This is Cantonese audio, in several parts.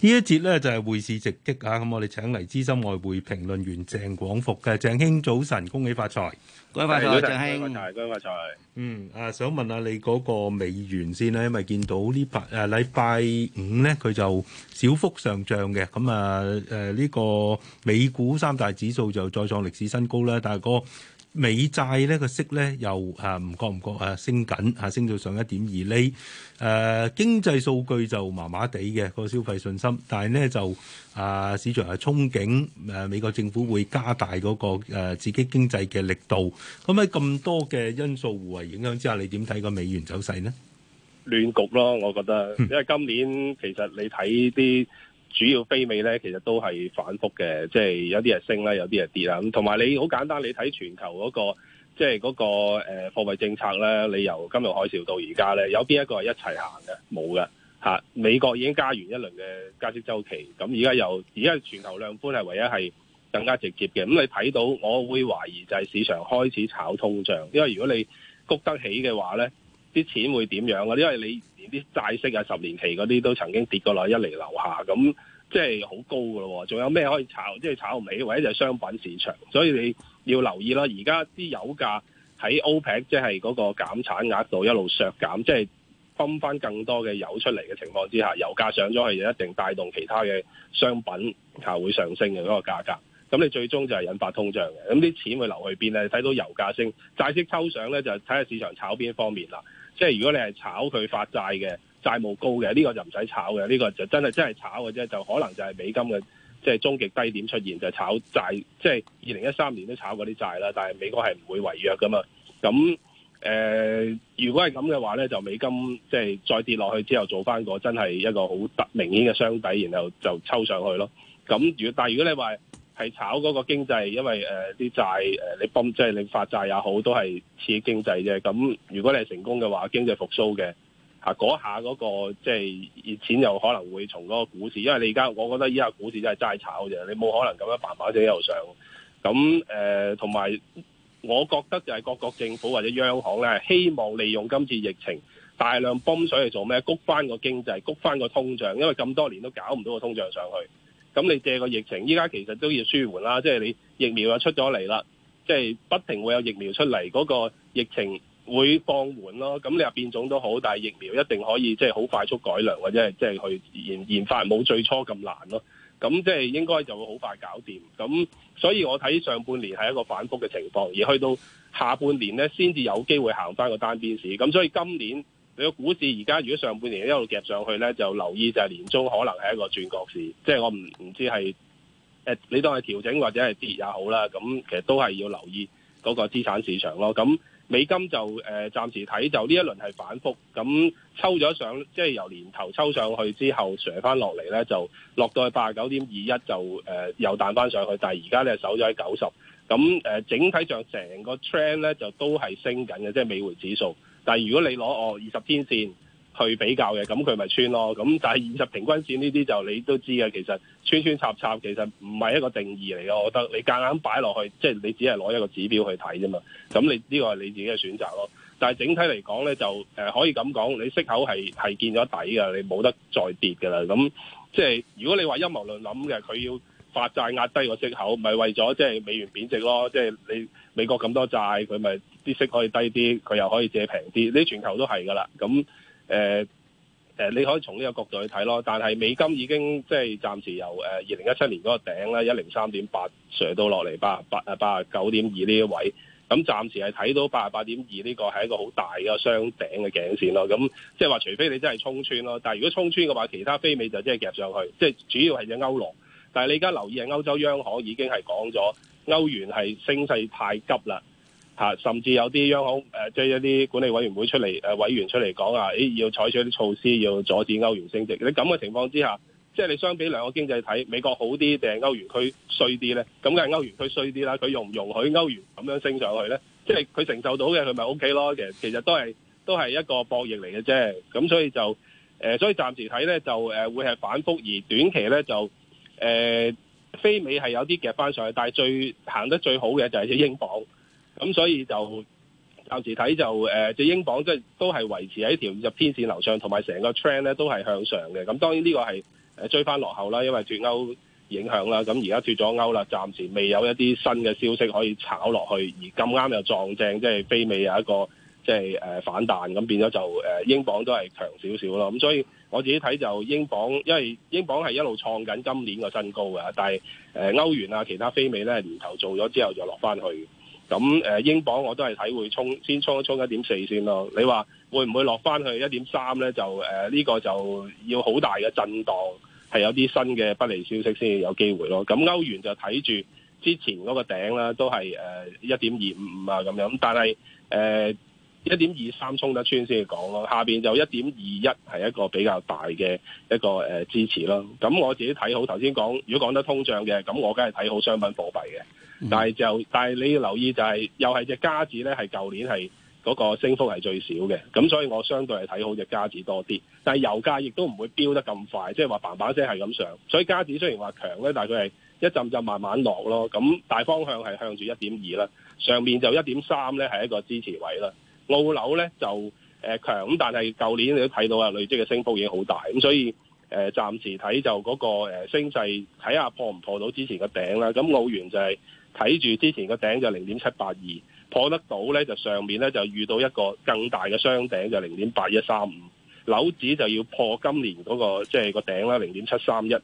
呢一節咧就係匯市直擊啊！咁我哋請嚟資深外匯評論員鄭廣復嘅，鄭兄早晨，恭喜發財！恭喜發財，鄭兄！恭喜發財！嗯，啊，想問下你嗰個美元先啦，因為見到呢排誒禮拜五咧，佢就小幅上漲嘅。咁啊誒呢個美股三大指數就再創歷史新高啦，但係個。美債呢個息呢，又啊唔覺唔覺啊升緊啊升到上一點二厘誒、呃、經濟數據就麻麻地嘅個消費信心，但係呢，就啊、呃、市場係憧憬誒、呃、美國政府會加大嗰、那個誒、呃、刺激經濟嘅力度。咁喺咁多嘅因素互為影響之下，你點睇個美元走勢呢？亂局咯，我覺得，嗯、因為今年其實你睇啲。主要非美咧，其實都係反覆嘅，即、就、係、是、有啲係升啦，有啲係跌啦。咁同埋你好簡單，你睇全球嗰、那個即係嗰個誒、呃、貨幣政策咧，你由金融海嘯到而家咧，有邊一個係一齊行嘅？冇嘅嚇。美國已經加完一輪嘅加息周期，咁而家又而家全球量寬係唯一係更加直接嘅。咁、嗯、你睇到，我會懷疑就係市場開始炒通脹，因為如果你谷得起嘅話咧，啲錢會點樣啊？因為你連啲債息啊、十年期嗰啲都曾經跌過落一嚟樓下咁。嗯即係好高嘅咯，仲有咩可以炒？即係炒唔起，或者就係商品市場，所以你要留意啦，而家啲油價喺 OPEC，即係嗰個減產額度一路削減，即係分翻更多嘅油出嚟嘅情況之下，油價上咗去，就一定帶動其他嘅商品啊會上升嘅嗰個價格。咁你最終就係引發通脹嘅。咁啲錢會流去邊咧？你睇到油價升，債息抽上咧就睇下市場炒邊方面啦。即係如果你係炒佢發債嘅。債務高嘅呢、這個就唔使炒嘅，呢、這個就真係真係炒嘅啫，就可能就係美金嘅即係終極低點出現，就炒債，即係二零一三年都炒過啲債啦。但係美國係唔會違約噶嘛。咁誒、呃，如果係咁嘅話咧，就美金即係再跌落去之後做，做翻個真係一個好突明顯嘅箱底，然後就抽上去咯。咁如果但係如果你話係炒嗰個經濟，因為誒啲債誒你泵，即、呃、係、呃就是、你發債也好，都係刺激經濟啫。咁如果你係成功嘅話，經濟復甦嘅。啊！嗰下嗰個即係熱錢又可能會從嗰個股市，因為你而家我覺得依家股市真係齋炒嘅。你冇可能咁樣麻麻地又上。咁誒，同埋我覺得就係各國政府或者央行咧，希望利用今次疫情大量泵水嚟做咩？谷翻個經濟，谷翻個通脹，因為咁多年都搞唔到個通脹上去。咁你借個疫情，依家其實都要舒緩啦，即係你疫苗又出咗嚟啦，即係不停會有疫苗出嚟，嗰個疫情會放緩咯，咁、嗯、你話變種都好，但係疫苗一定可以即係好快速改良，或者係即係去研研發冇最初咁難咯。咁、嗯、即係應該就會好快搞掂。咁、嗯、所以我睇上半年係一個反覆嘅情況，而去到下半年呢，先至有機會行翻個單邊市。咁、嗯、所以今年你個股市而家如果上半年一路夾上去呢，就留意就係年中可能係一個轉角市。即係我唔唔知係、呃、你當係調整或者係跌也好啦。咁、嗯、其實都係要留意嗰個資產市場咯。咁、嗯美金就誒暫時睇就呢一輪係反覆，咁抽咗上，即係由年頭抽上去之後，瀡翻落嚟咧就落到去八十九點二一，就、呃、誒又彈翻上去，但係而家咧守咗喺九十，咁、呃、誒整體上成個 trend 咧就都係升緊嘅，即係美匯指數。但係如果你攞哦二十天線去比較嘅，咁佢咪穿咯。咁但係二十平均線呢啲就你都知嘅，其實穿穿插插其實唔係一個定義嚟嘅。我覺得你夾硬擺落去，即係你只係攞一個指標去睇啫嘛。咁你呢個係你自己嘅選擇咯。但係整體嚟講咧，就誒可以咁講，你息口係係見咗底嘅，你冇得再跌嘅啦。咁即係如果你話陰謀論諗嘅，佢要發債壓低個息口，咪為咗即係美元貶值咯。即係你美國咁多債，佢咪啲息可以低啲，佢又可以借平啲。呢全球都係噶啦，咁。誒誒、呃呃，你可以從呢個角度去睇咯，但係美金已經即係暫時由誒二零一七年嗰個頂啦，一零三點八上到落嚟，八八啊八九點二呢一位，咁、嗯、暫時係睇到八十八點二呢個係一個好大嘅雙頂嘅頸線咯，咁、嗯、即係話除非你真係衝穿咯，但係如果衝穿嘅話，其他非美就真係夾上去，即係主要係隻歐羅，但係你而家留意係歐洲央行已經係講咗歐元係升勢太急啦。嚇、啊，甚至有啲央行誒，即、呃、係一啲管理委員會出嚟，誒、呃、委員出嚟講啊，誒、哎、要採取啲措施，要阻止歐元升值。喺咁嘅情況之下，即係你相比兩個經濟體，美國好啲定係歐元區衰啲咧？咁梗係歐元區衰啲啦，佢容唔容許歐元咁樣升上去咧？即係佢承受到嘅，佢咪 OK 咯。其實其實都係都係一個博弈嚟嘅啫。咁所以就誒、呃，所以暫時睇咧就誒、呃、會係反覆。而短期咧就誒、呃、非美係有啲夾翻上去，但係最行得最好嘅就係係英鎊。咁、嗯、所以就暫時睇就誒，即、呃、英鎊即、就、係、是、都係維持喺條入天線樓上，同埋成個 trend 咧都係向上嘅。咁、嗯、當然呢個係誒追翻落後啦，因為脫歐影響啦。咁而家脫咗歐啦，暫時未有一啲新嘅消息可以炒落去，而咁啱又撞正即係非美有一個即係誒反彈，咁、嗯、變咗就誒、呃、英鎊都係強少少咯。咁、嗯、所以我自己睇就英鎊，因為英鎊係一路創緊今年嘅新高嘅，但係誒、呃、歐元啊其他非美咧年頭做咗之，之後就落翻去。咁誒，英鎊我都係睇會衝，先衝一衝一點四先咯。你話會唔會落翻去一點三咧？就誒呢、呃這個就要好大嘅震盪，係有啲新嘅不利消息先至有機會咯。咁歐元就睇住之前嗰個頂啦，都係誒一點二五五啊咁樣，但係誒、呃、一點二三衝得穿先至講咯。下邊就一點二一係一個比較大嘅一個誒支持咯。咁我自己睇好頭先講，如果講得通脹嘅，咁我梗係睇好商品貨幣嘅。嗯、但係就，但係你要留意就係、是，又係隻加紙咧，係舊年係嗰、那個升幅係最少嘅，咁所以我相對係睇好隻加紙多啲。但係油價亦都唔會飆得咁快，即係話嘭嘭聲係咁上，所以加紙雖然話強咧，但係佢係一浸就慢慢落咯。咁大方向係向住一點二啦，上面就一點三咧係一個支持位啦。澳紐咧就誒強，咁、呃、但係舊年你都睇到啊，累積嘅升幅已經好大，咁所以誒暫、呃、時睇就嗰、那個誒升勢，睇、呃、下破唔破到之前嘅頂啦。咁澳元就係、是。睇住之前個頂就零點七八二破得到呢，就上面呢就遇到一個更大嘅雙頂就零點八一三五，樓指就要破今年嗰、那個即係、就是、個頂啦，零點七三一五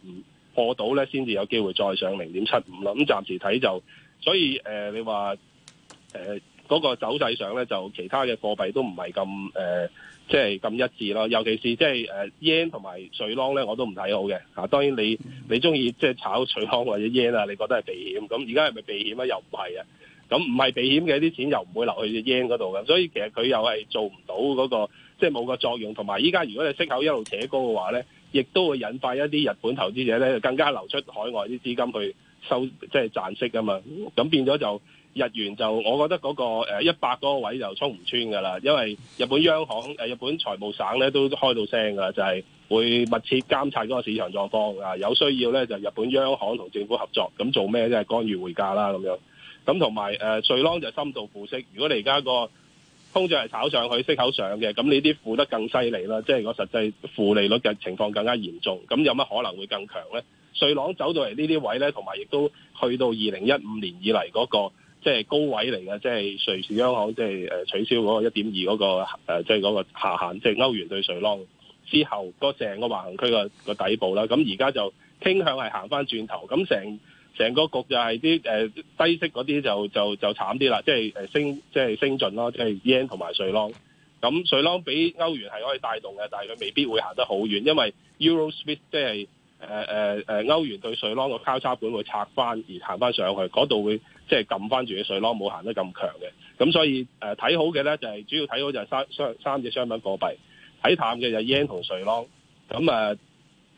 破到呢先至有機會再上零點七五啦。咁、嗯、暫時睇就，所以誒、呃、你話誒嗰個走勢上呢，就其他嘅貨幣都唔係咁誒。呃即係咁一致咯，尤其是即係誒 yen 同埋瑞郎咧，我都唔睇好嘅嚇、啊。當然你你中意即係炒瑞郎或者 yen 啊，你覺得係避險咁，而家係咪避險啊？又唔係啊？咁唔係避險嘅啲錢又唔會流去 yen 嗰度嘅，所以其實佢又係做唔到嗰、嗰個即係冇個作用。同埋依家如果你息口一路扯高嘅話咧，亦都會引發一啲日本投資者咧更加流出海外啲資金去收即係賺息啊嘛，咁變咗就。日元就，我覺得嗰、那個一百嗰個位就衝唔穿噶啦，因為日本央行、誒、呃、日本財務省咧都開到聲噶啦，就係、是、會密切監察嗰個市場狀況啊，有需要咧就日本央行同政府合作，咁、嗯、做咩即啫？干預匯價啦咁樣，咁同埋誒瑞郎就深度負息。如果你而家個通脹係炒上去、息口上嘅，咁呢啲負得更犀利啦，即係個實際負利率嘅情況更加嚴重。咁有乜可能會更強咧？瑞郎走到嚟呢啲位咧，同埋亦都去到二零一五年以嚟嗰、那個。即係高位嚟嘅，即係瑞士央行即係誒取消嗰個一點二嗰個即係嗰個下限，即係歐元對瑞郎之後嗰成個橫行區個個底部啦。咁而家就傾向係行翻轉頭，咁成成個局就係啲誒低息嗰啲就就就，就慘啲啦。即係誒升，即係升盡咯，即係 yen 同埋瑞郎。咁瑞郎比歐元係可以帶動嘅，但係佢未必會行得好遠，因為 EuroSwiss 即係誒誒誒歐元對瑞郎個交叉盤會拆翻而行翻上去，嗰度會。即係撳翻住嘅瑞咯，冇行得咁強嘅。咁所以誒睇、呃、好嘅咧，就係、是、主要睇好就係三三隻商品貨幣。睇淡嘅就 yen 同瑞咯。咁啊，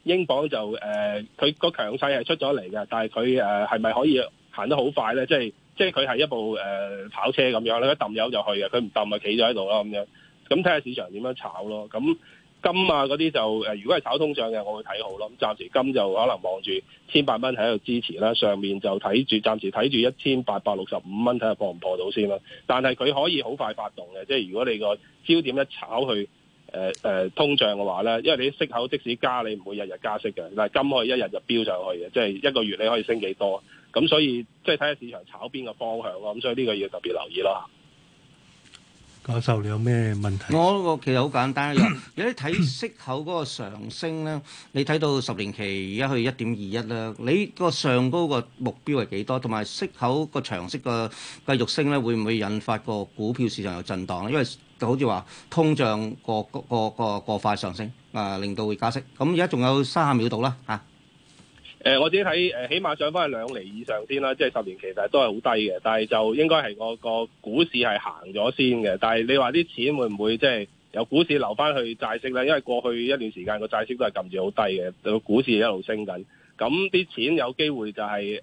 英鎊就誒佢、呃、個強勢係出咗嚟嘅，但係佢誒係咪可以行得好快咧？即係即係佢係一部誒、呃、跑車咁樣咧，一抌油就去嘅，佢唔抌咪企咗喺度咯咁樣。咁睇下市場點樣炒咯。咁。金啊嗰啲就誒、呃，如果係炒通脹嘅，我會睇好咯。咁、嗯、暫時金就可能望住千八蚊喺度支持啦，上面就睇住暫時睇住一千八百六十五蚊睇下破唔破到先啦。但係佢可以好快發動嘅，即係如果你個焦點一炒去誒誒、呃呃、通脹嘅話咧，因為你息口即使加，你唔會日日加息嘅，但係金可以一日就飆上去嘅，即係一個月你可以升幾多，咁、嗯、所以即係睇下市場炒邊個方向咯。咁、嗯、所以呢個要特別留意咯。教授，你有咩問題？我個其實好簡單，有啲睇息口嗰個上升咧，你睇到十年期而家去一點二一啦。你個上高個目標係幾多？同埋息口個長息個繼續升咧，會唔會引發個股票市場有震盪咧？因為就好似話通脹個個個過快上升，誒、呃、令到會加息。咁而家仲有三十秒到啦，嚇、啊！誒、呃，我自己睇、呃、起碼上翻去兩厘以上先啦，即係十年期，但都係好低嘅。但係就應該係個個股市係行咗先嘅。但係你話啲錢會唔會即係由股市流翻去債息咧？因為過去一段時間個債息都係撳住好低嘅，個股市一路升緊。咁、嗯、啲錢有機會就係誒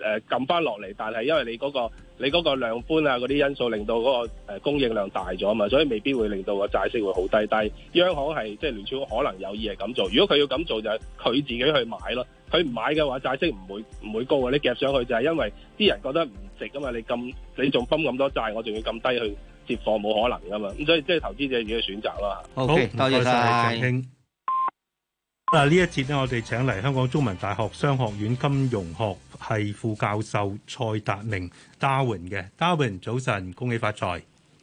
誒撳翻落嚟，但係因為你嗰、嗰個。你嗰個量寬啊，嗰啲因素令到嗰個供應量大咗啊嘛，所以未必會令到個債息會好低低。央行係即係聯儲可能有意係咁做，如果佢要咁做就係佢自己去買咯。佢唔買嘅話，債息唔會唔會高嘅。你夾上去就係因為啲人覺得唔值啊嘛。你咁你仲崩咁多債，我仲要咁低去接貨，冇可能噶嘛。咁所以即係投資者自己選擇啦。Okay, 好，多謝曬。嗱，呢一節我哋請嚟香港中文大學商學院金融學系副教授蔡達銘 Darwin 嘅 Darwin，早晨，恭喜發財！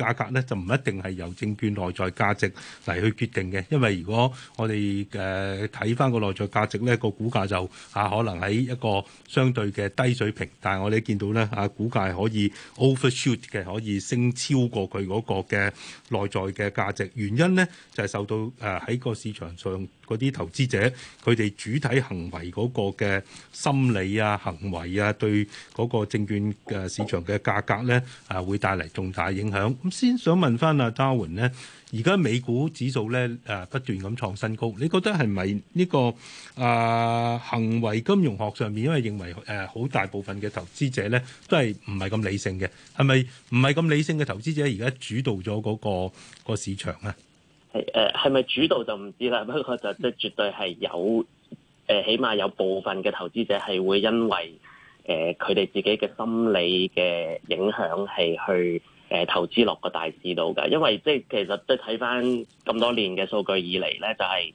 價格咧就唔一定係由證券內在價值嚟去決定嘅，因為如果我哋誒睇返個內在價值咧，個股價就嚇、啊、可能喺一個相對嘅低水平，但係我哋見到咧嚇、啊、股價係可以 overshoot 嘅，可以升超過佢嗰個嘅內在嘅價值，原因咧就係、是、受到誒喺、啊、個市場上。嗰啲投資者佢哋主體行為嗰個嘅心理啊、行為啊，對嗰個證券嘅市場嘅價格咧啊，會帶嚟重大影響。咁先想問翻阿 Darwin 咧，而家美股指數咧啊不斷咁創新高，你覺得係咪呢個啊行為金融學上面因為認為誒好大部分嘅投資者咧都係唔係咁理性嘅？係咪唔係咁理性嘅投資者而家主導咗嗰、嗰個、嗰個市場啊？係誒，係咪、呃、主導就唔知啦。不過就即係絕對係有誒、呃，起碼有部分嘅投資者係會因為誒佢哋自己嘅心理嘅影響係去誒、呃、投資落個大市度噶。因為即、就、係、是、其實即係睇翻咁多年嘅數據以嚟，咧，就係誒即係。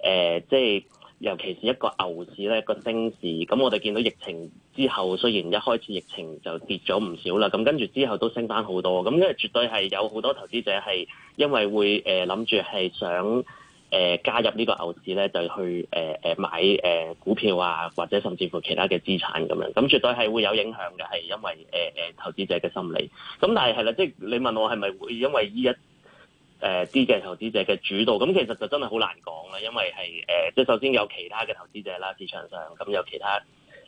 呃就係尤其是一個牛市咧，個升市咁，我哋見到疫情之後，雖然一開始疫情就跌咗唔少啦，咁跟住之後都升返好多，咁因為絕對係有好多投資者係因為會誒諗住係想誒、呃、加入呢個牛市咧，就去誒誒、呃、買誒、呃、股票啊，或者甚至乎其他嘅資產咁樣，咁絕對係會有影響嘅，係因為誒誒、呃、投資者嘅心理。咁但係係啦，即係、就是、你問我係咪會因為呢一誒啲嘅投資者嘅主導，咁、嗯、其實就真係好難講啦，因為係誒、呃，即係首先有其他嘅投資者啦，市場上咁、嗯、有其他誒、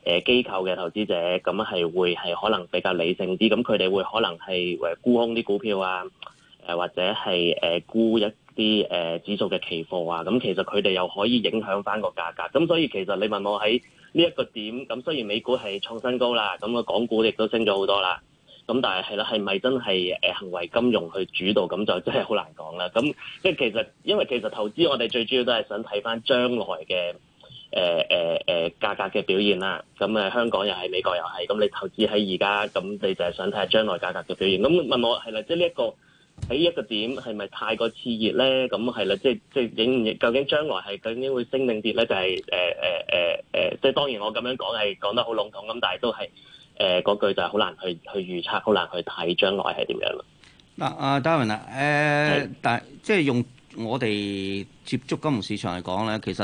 呃、機構嘅投資者，咁、嗯、係會係可能比較理性啲，咁佢哋會可能係沽空啲股票啊，誒、呃、或者係誒、呃、沽一啲誒、呃、指數嘅期貨啊，咁、嗯、其實佢哋又可以影響翻個價格，咁、嗯、所以其實你問我喺呢一個點，咁、嗯、雖然美股係創新高啦，咁、嗯、個港股亦都升咗好多啦。咁但係係啦，係咪真係誒行為金融去主導，咁就真係好難講啦。咁即係其實，因為其實投資我哋最主要都係想睇返將來嘅誒誒誒價格嘅表現啦。咁誒香港又係，美國又係，咁你投資喺而家，咁你就係想睇下將來價格嘅表現。咁問我係啦，即係呢一個喺一個點係咪太過熾熱咧？咁係啦，即係即係影唔究竟將來係究竟會升定跌咧？就係誒誒誒誒，即係當然我咁樣講係講得好籠統咁，但係都係。誒，嗰句就係好難去去預測，好難去睇將來係點樣咯。嗱、啊，阿 Daniel 誒、啊，呃、的但即係用。我哋接觸金融市場嚟講咧，其實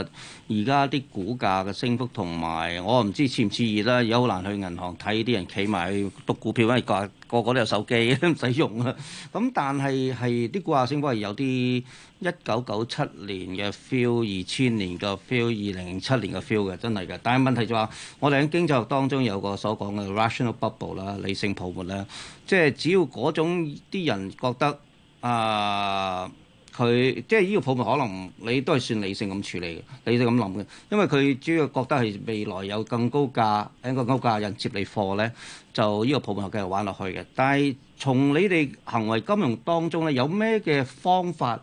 而家啲股價嘅升幅同埋，我唔知似唔似意啦，有好難去銀行睇啲人企埋去讀股票，因為個個都有手機都唔使用啊。咁但係係啲股價升幅係有啲一九九七年嘅 feel，二千年嘅 feel，二零零七年嘅 feel 嘅，真係嘅。但係問題就係話，我哋喺經濟學當中有個所講嘅 rational bubble 啦，理性泡沫啦，即係只要嗰種啲人覺得啊～、呃佢即係呢個泡沫，可能你都係算理性咁處理嘅，理性咁諗嘅，因為佢主要覺得係未來有更高價，喺個高價人接你貨咧，就呢個泡沫繼續玩落去嘅。但係從你哋行為金融當中咧，有咩嘅方法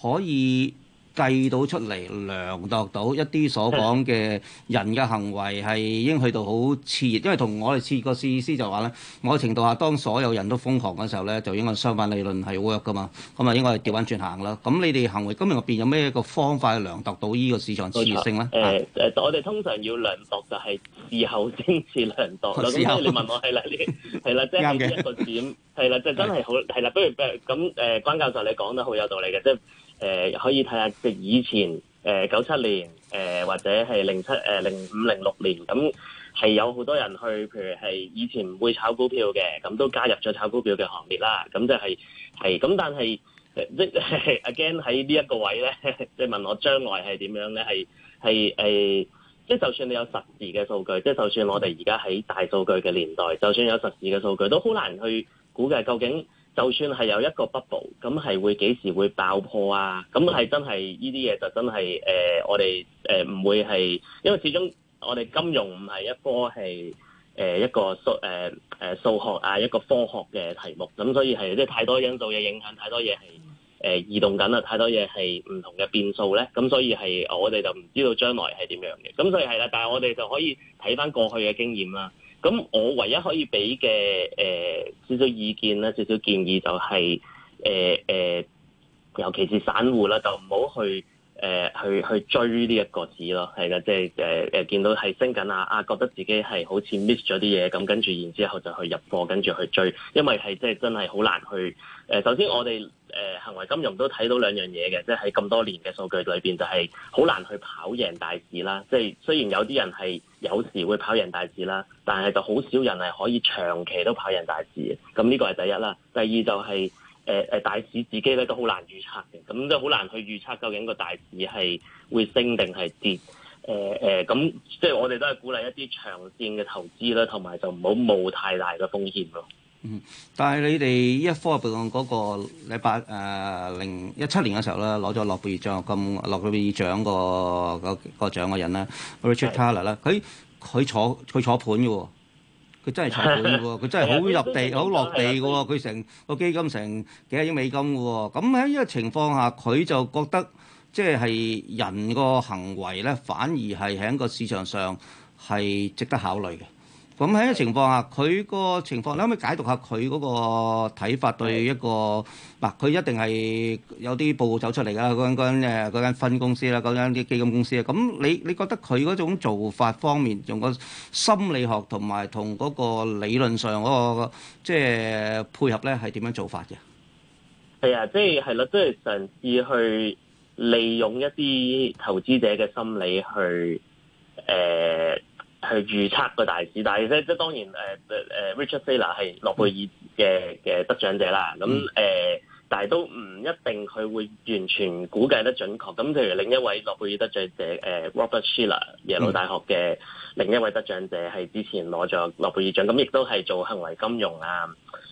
可以？計到出嚟，量度到一啲所講嘅人嘅行為係已經去到好熾熱，因為同我哋熾熱個意思就話咧，某程度下當所有人都瘋狂嗰時候咧，就應該相反理論係 work 噶嘛，咁啊應該係掉翻轉行啦。咁你哋行為今日入邊有咩一個方法量度到呢個市場熾熱性咧？誒誒，我哋通常要量度就係事後先至量度。老師，你問我係啦，呢係啦，即係一個點，係啦，即係真係好，係啦，不如咁誒，關教授你講得好有道理嘅，即係。誒、呃、可以睇下即以前誒九七年誒、呃、或者係零七誒零五零六年咁係、嗯、有好多人去，譬如係以前唔會炒股票嘅，咁、嗯、都加入咗炒股票嘅行列啦。咁、嗯、就係係咁，但係即係 again 喺呢一個位咧，即係問我將來係點樣咧？係係誒，即係就算你有實時嘅數據，即係就算我哋而家喺大數據嘅年代，就算有實時嘅數據，都好難去估計究竟。就算係有一個 bubble，咁係會幾時會爆破啊？咁係真係呢啲嘢就真係誒、呃，我哋誒唔會係，因為始終我哋金融唔係一科係誒一個數誒誒、呃、數學啊，一個科學嘅題目，咁所以係即係太多因素嘅影響，太多嘢係誒移動緊啦，太多嘢係唔同嘅變數咧，咁所以係我哋就唔知道將來係點樣嘅，咁所以係啦，但係我哋就可以睇翻過去嘅經驗啦。咁我唯一可以俾嘅誒少少意見啦，少少建議就係誒誒，尤其是散戶啦，就唔好去誒、呃、去去追呢一個字咯，係啦，即係誒誒見到係升緊啊啊，覺得自己係好似 miss 咗啲嘢，咁跟住然之後就去入貨，跟住去追，因為係即係真係好難去誒、呃。首先我哋。誒行為金融都睇到兩樣嘢嘅，即係喺咁多年嘅數據裏邊，就係好難去跑贏大市啦。即係雖然有啲人係有時會跑贏大市啦，但係就好少人係可以長期都跑贏大市嘅。咁呢個係第一啦。第二就係誒誒大市自己咧都好難預測嘅，咁都好難去預測究竟個大市係會升定係跌。誒、呃、誒，咁、呃、即係我哋都係鼓勵一啲長線嘅投資啦，同埋就唔好冒太大嘅風險咯。嗯，但係你哋一科入邊嗰個禮拜誒零一七年嘅時候咧，攞咗諾貝爾獎。咁諾貝爾獎個個個獎嘅人咧的，Richard Thaler 佢佢坐佢坐盤嘅喎、哦，佢真係坐盤嘅喎、哦，佢真係好入地好、 就是、落地嘅喎、哦，佢成個基金成幾十億美金嘅喎、哦，咁喺呢個情況下，佢就覺得即係係人個行為咧，反而係喺個市場上係值得考慮嘅。咁喺呢個情況下，佢個情況，你可唔可以解讀下佢嗰個睇法對一個，嗱佢一定係有啲報告走出嚟㗎。嗰間誒嗰間分公司啦，嗰間啲基金公司啊。咁你你覺得佢嗰種做法方面，用個心理學同埋同嗰個理論上嗰個即係配合咧，係點樣做法嘅？係啊，即係係啦，即係嘗試去利用一啲投資者嘅心理去。去預測個大市，但係即係當然誒誒、呃、，Richard Thaler 係諾貝爾嘅嘅得獎者啦。咁誒，但係、呃、都唔一定佢會完全估計得準確。咁譬如另一位諾貝爾得獎者誒、呃、Robert Shiller 耶魯大學嘅另一位得獎者，係之前攞咗諾貝爾獎，咁亦都係做行為金融啊，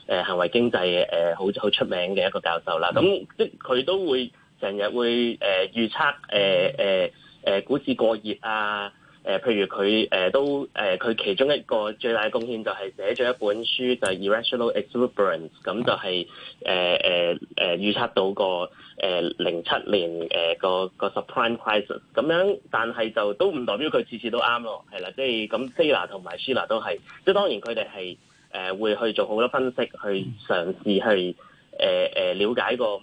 誒行為經濟誒好好出名嘅一個教授啦。咁即佢都會成日會誒、呃、預測誒誒誒股市過熱啊。誒，譬、呃、如佢誒都誒，佢、呃、其中一個最大嘅貢獻就係寫咗一本書，就係、是《Irrational Exuberance》，咁就係誒誒誒預測到、呃呃、個誒零七年誒個個 Subprime Crisis，咁樣，但係就都唔代表佢次次都啱咯，係啦，即係咁。Fama 同埋 Shiller 都係，即係當然佢哋係誒會去做好多分析，去嘗試去誒誒瞭解個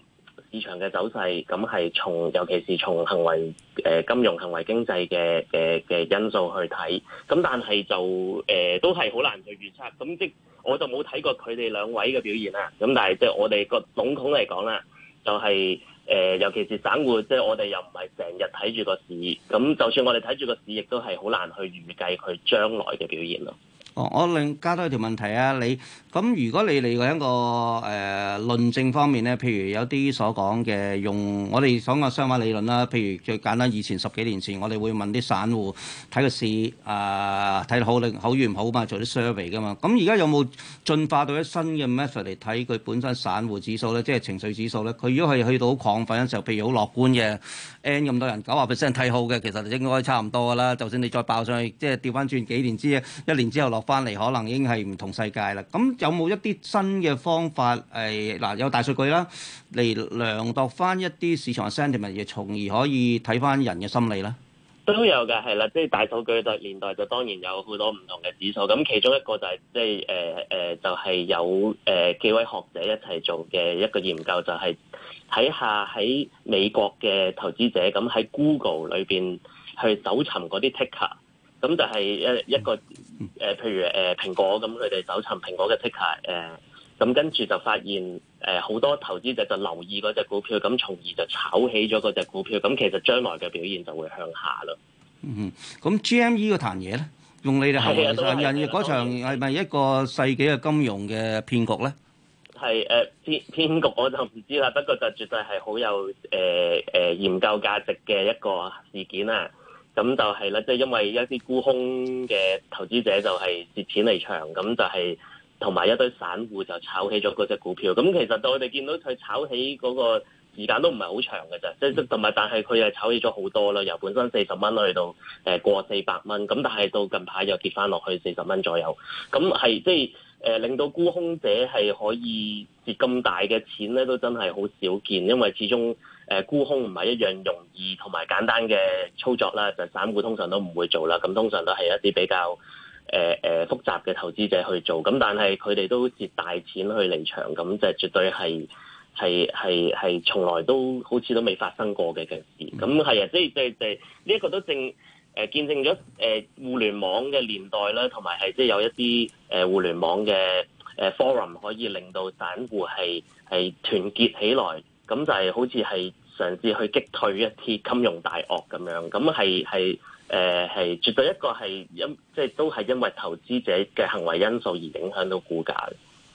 市場嘅走勢咁係從，尤其是從行為誒、呃、金融、行為經濟嘅誒嘅因素去睇，咁但係就誒、呃、都係好難去預測。咁即、就是、我就冇睇過佢哋兩位嘅表現啦。咁但係即係我哋個籠統嚟講啦，就係、是、誒、就是呃，尤其是散戶，即、就、係、是、我哋又唔係成日睇住個市。咁就算我哋睇住個市，亦都係好難去預計佢將來嘅表現咯。哦，我另加多一條問題啊，你。咁如果你嚟個一個誒、呃、論證方面咧，譬如有啲所講嘅用我哋所講嘅相反理論啦，譬如最簡單以前十幾年前我哋會問啲散戶睇個市啊，睇、呃、好利好與唔好嘛，做啲 survey 噶嘛。咁而家有冇進化到一新嘅 method 嚟睇佢本身散戶指數咧，即係情緒指數咧？佢如果係去到好亢奮嘅時候，譬如好樂觀嘅 N 咁多人九啊 percent，睇好嘅，其實應該差唔多噶啦。就算你再爆上去，即係調翻轉幾年之，一年之後落翻嚟，可能已經係唔同世界啦。咁、嗯有冇一啲新嘅方法？誒、呃、嗱，有大數據啦，嚟量度翻一啲市場嘅 sentiment，從而可以睇翻人嘅心理啦。都有嘅，係啦，即係大數據嘅年代就當然有好多唔同嘅指數。咁其中一個就係即係誒誒，就係呃呃就係有誒呃幾位學者一齊做嘅一個研究，就係睇下喺美國嘅投資者咁喺 Google 裏邊去搜尋嗰啲 ticker。咁就係一一個誒、呃，譬如誒、呃、蘋果咁，佢哋搜尋蘋果嘅 ticker 咁跟住就發現誒好、呃、多投資者就留意嗰隻股票，咁、嗯、從而就炒起咗嗰隻股票，咁、嗯、其實將來嘅表現就會向下啦、嗯。嗯，咁 GME 嗰壇嘢咧，用你哋形容嗰場係咪一個世紀嘅金融嘅騙局咧？係誒、啊、騙騙局我就唔知啦，不過就絕對係好有誒誒、呃呃、研究價值嘅一個事件啦、啊。咁就係、是、啦，即係因為一啲沽空嘅投資者就係蝕錢離場，咁就係同埋一堆散戶就炒起咗嗰隻股票。咁其實到我哋見到佢炒起嗰個時間都唔係好長嘅啫，即係同埋但係佢係炒起咗好多啦，由本身四十蚊去到誒過四百蚊，咁但係到近排又跌翻落去四十蚊左右。咁係即係誒令到沽空者係可以蝕咁大嘅錢咧，都真係好少見，因為始終。誒、呃、沽空唔係一樣容易同埋簡單嘅操作啦，就是、散戶通常都唔會做啦。咁通常都係一啲比較誒誒、呃呃、複雜嘅投資者去做。咁但係佢哋都蝕大錢去離場，咁就絕對係係係係從來都好似都未發生過嘅嘅事。咁係啊，即係即係即係呢一個都證誒、呃、見證咗誒、呃、互聯網嘅年代啦，同埋係即係有一啲誒、呃、互聯網嘅誒、呃、forum 可以令到散戶係係團結起來，咁就係好似係。嘗試去擊退一啲金融大鱷咁樣，咁係係誒係絕對一個係因即係都係因為投資者嘅行為因素而影響到股價嘅。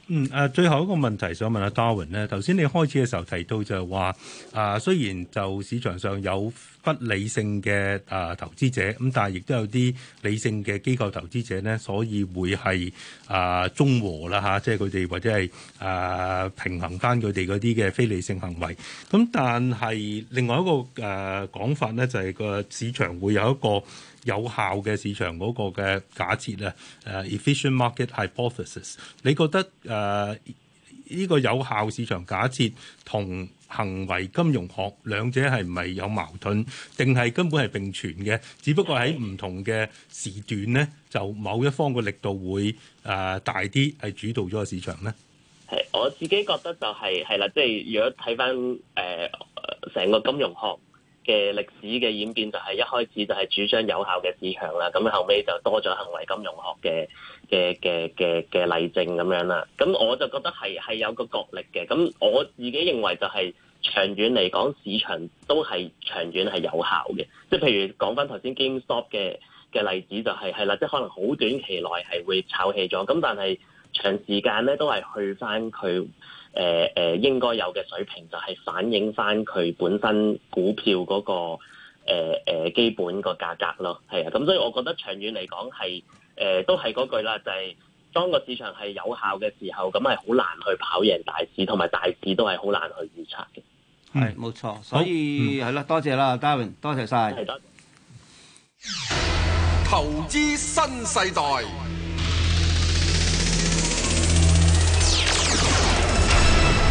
嗯，誒、啊、最後一個問題想問下 Darwin 咧、啊，頭先你開始嘅時候提到就係話啊，雖然就市場上有。不理性嘅啊投資者，咁但係亦都有啲理性嘅機構投資者咧，所以會係啊中和啦嚇，即係佢哋或者係啊平衡翻佢哋嗰啲嘅非理性行為。咁但係另外一個誒、啊、講法咧，就係、是、個市場會有一個有效嘅市場嗰個嘅假設咧，誒、啊、Efficient Market Hypothesis。你覺得誒？啊呢個有效市場假設同行為金融學兩者係唔係有矛盾，定係根本係並存嘅？只不過喺唔同嘅時段咧，的就某一方嘅力度會誒、呃、大啲，係主導咗個市場咧。係我自己覺得就係係啦，即係如果睇翻誒成個金融學嘅歷史嘅演變，就係、是、一開始就係主張有效嘅市場啦，咁後尾就多咗行為金融學嘅。嘅嘅嘅嘅例證咁樣啦，咁我就覺得係係有個角力嘅，咁我自己認為就係長遠嚟講，市場都係長遠係有效嘅，即係譬如講翻頭先 GameStop 嘅嘅例子，就是，就係係啦，即係可能好短期內係會炒起咗，咁但係長時間咧都係去翻佢誒誒應該有嘅水平，就係、是、反映翻佢本身股票嗰，那個誒誒、呃、基本個價格咯，係啊，咁所以我覺得長遠嚟講係。誒、呃，都係嗰句啦，就係、是、當個市場係有效嘅時候，咁係好難去跑贏大市，同埋大市都係好難去預測嘅。係、嗯，冇錯。所以係啦、嗯，多謝啦，David，多謝晒。多謝投資新世代。